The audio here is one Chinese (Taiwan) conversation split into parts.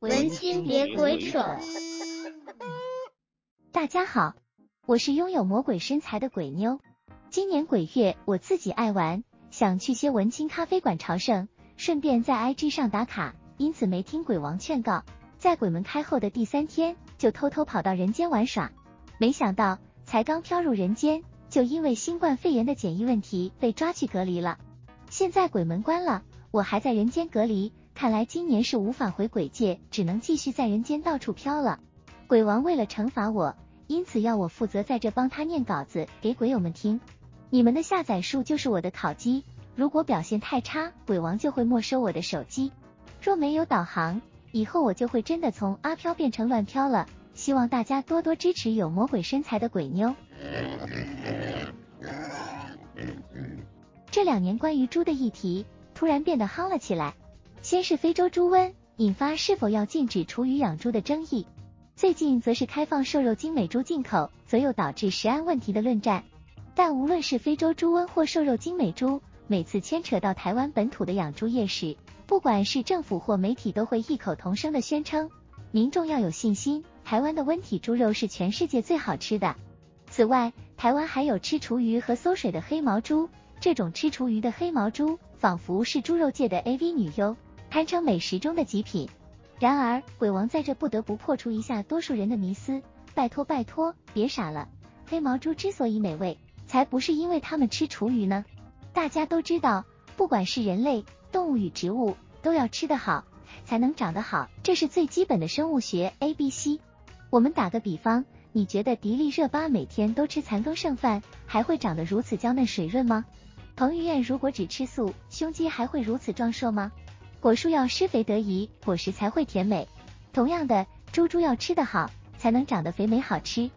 文青別鬼扯！大家好，我是擁有魔鬼身材的鬼妞。今年鬼月我自己愛玩，想去些文青咖啡館朝聖，順便在 IG 上打卡，因此沒聽鬼王勸告，在鬼門開後的第三天就偷偷跑到人間玩耍。沒想到才剛飄入人間，就因為新冠肺炎的檢疫問題被抓去隔離了。現在鬼門關了，我還在人間隔離。看來今年是無法回鬼界，只能繼續在人間到處飄了。鬼王為了懲罰我，因此要我負責在這幫他念稿子給鬼友們聽。你們的下載數就是我的考績，如果表現太差，鬼王就會沒收我的手機。若沒有導航，以後我就會真的從阿飄變成亂飄了。希望大家多多支持有魔鬼身材的鬼妞。這兩年關於豬的議題突然變得夯了起來。先是非洲豬瘟，引發是否要禁止廚餘養豬的爭議，最近則是開放瘦肉精美豬進口，則又導致食安問題的論戰。但無論是非洲豬瘟或瘦肉精美豬，每次牽扯到台灣本土的養豬業時，不管是政府或媒體都會異口同聲地宣稱，民眾要有信心，台灣的溫體豬肉是全世界最好吃的。此外，台灣還有吃廚餘和餿水的黑毛豬，這種吃廚餘的黑毛豬，仿佛是豬肉界的 AV 女優。堪稱美食中的極品。然而，鬼王在這不得不破除一下多數人的迷思，拜託拜託，別傻了！黑毛豬之所以美味，才不是因為他們吃廚餘呢。大家都知道，不管是人類、動物與植物，都要吃得好才能長得好，這是最基本的生物學 ABC。我們打個比方，你覺得迪麗熱巴每天都吃殘羹剩飯，還會長得如此嬌嫩水潤嗎？彭於晏如果只吃素，胸肌還會如此壯碩嗎？果樹要施肥得宜，果實才會甜美。同樣的，豬豬要吃得好，才能長得肥美好吃。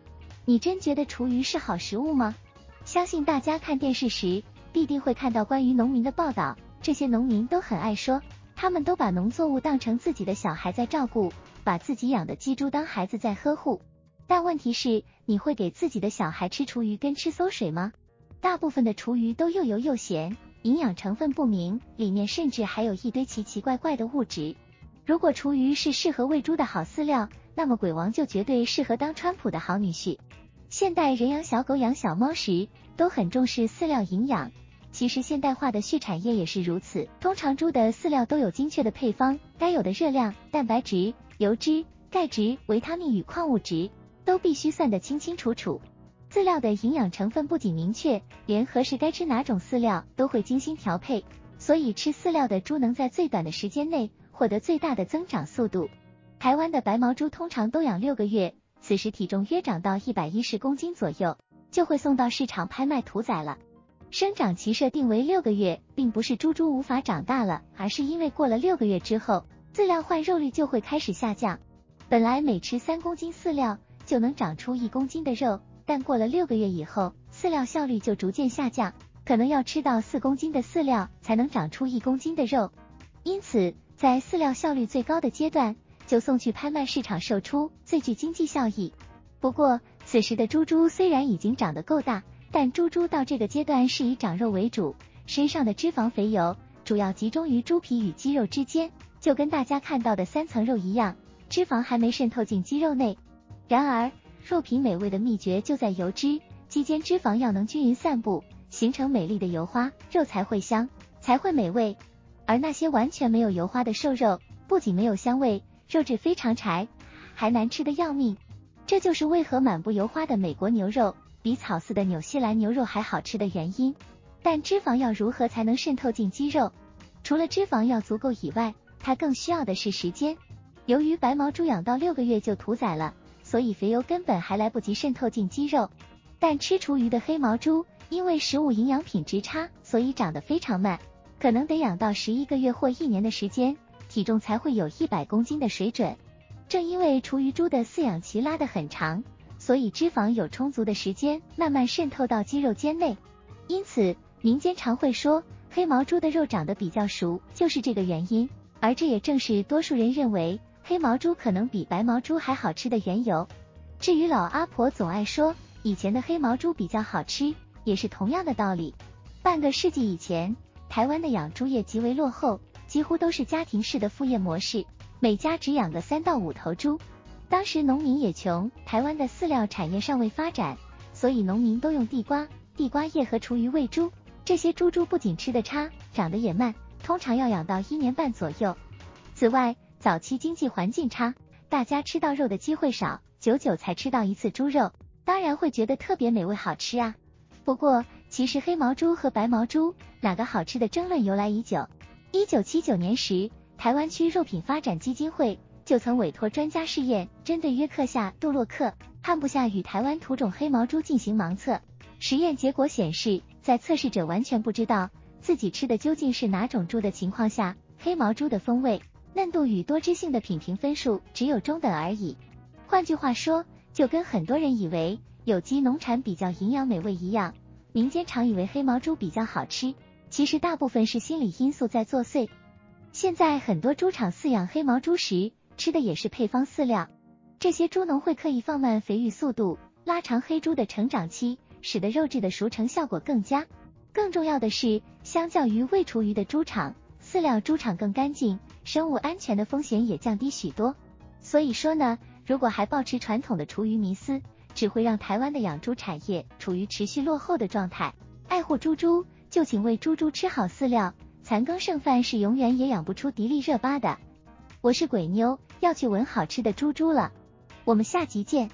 你真覺得廚餘是好食物嗎？相信大家看電視時，必定會看到關於農民的報道，這些農民都很愛說，他們都把農作物當成自己的小孩在照顧，把自己養的雞豬當孩子在呵護。但問題是，你會給自己的小孩吃廚餘跟吃餿水嗎？大部分的廚餘都又油又鹹。營養成分不明，裡面甚至還有一堆奇奇怪怪的物質。如果廚餘是適合餵豬的好飼料，那麼鬼王就絕對適合當川普的好女婿。現代人養小狗、養小貓時都很重視飼料營養，其實現代化的畜產業也是如此。通常豬的飼料都有精確的配方，該有的熱量、蛋白質、油脂、鈣質、維他命與礦物質都必須算得清清楚楚。飼料的營養成分不僅明確，連何時該吃哪種飼料都會精心調配，所以吃飼料的豬能在最短的時間內獲得最大的增長速度。台灣的白毛豬通常都養六個月，此時體重約長到一百一十公斤左右，就會送到市場拍賣屠宰了。生長期設定為六個月，並不是豬豬無法長大了，而是因為過了六個月之後，飼料換肉率就會開始下降。本來每吃三公斤飼料就能長出一公斤的肉。但過了六個月以後，飼料效率就逐漸下降，可能要吃到四公斤的飼料才能長出一公斤的肉。因此，在飼料效率最高的階段，就送去拍賣市場售出，最具經濟效益。不過，此時的豬豬雖然已經長得夠大，但豬豬到這個階段是以長肉為主，身上的脂肪肥油主要集中於豬皮與肌肉之間，就跟大家看到的三層肉一樣，脂肪還沒滲透進肌肉內。然而，肉品美味的祕訣就在油脂，肌間脂肪要能均勻散布，形成美麗的油花，肉才會香，才會美味。而那些完全沒有油花的瘦肉，不僅沒有香味，肉質非常柴，還難吃得要命。這就是為何滿布油花的美國牛肉比草飼的紐西蘭牛肉還好吃的原因。但脂肪要如何才能滲透進肌肉？除了脂肪要足夠以外，它更需要的是時間。由於白毛豬養到六個月就屠宰了。所以肥油根本還來不及滲透進肌肉，但吃廚餘的黑毛豬，因為食物營養品質差，所以長得非常慢，可能得養到十一個月或一年的時間，體重才會有一百公斤的水準。正因為廚餘豬的飼養期拉得很長，所以脂肪有充足的時間慢慢滲透到肌肉間內，因此民間常會說黑毛豬的肉長得比較熟，就是這個原因。而這也正是多數人認為。黑毛豬可能比白毛豬還好吃的緣由，至於老阿婆總愛說，以前的黑毛豬比較好吃，也是同樣的道理。半個世紀以前，台灣的養豬業極為落後，幾乎都是家庭式的副業模式，每家只養個三到五頭豬。當時農民也窮，台灣的飼料產業尚未發展，所以農民都用地瓜、地瓜葉和廚餘餵豬。這些豬豬不僅吃得差，長得也慢，通常要養到一年半左右。此外，早期經濟環境差，大家吃到肉的機會少，久久才吃到一次豬肉，當然會覺得特別美味好吃啊。不過，其實黑毛豬和白毛豬哪個好吃的爭論由來已久。一九七九年時，台灣區肉品發展基金會就曾委托專家試驗，針對約克夏、杜洛克、漢布夏與台灣土種黑毛豬進行盲測。實驗結果顯示，在測試者完全不知道自己吃的究竟是哪種豬的情況下，黑毛豬的風味。嫩度與多汁性的品評分數只有中等而已。換句話說，就跟很多人以為有機農產比較營養美味一樣，民間常以為黑毛豬比較好吃，其實大部分是心理因素在作祟。現在很多豬場飼養黑毛豬時吃的也是配方飼料，這些豬農會刻意放慢肥育速度，拉長黑豬的成長期，使得肉質的熟成效果更佳。更重要的是，相較於餵廚餘的豬場。飼料豬場更乾淨，生物安全的風險也降低許多。所以說呢，如果還保持傳統的廚餘迷思，只會讓台灣的養豬產業處於持續落後的狀態。愛護豬豬，就請餵豬豬吃好飼料，殘羹剩飯是永遠也養不出迪麗熱巴的。我是鬼妞，要去聞好吃的豬豬了，我們下集見。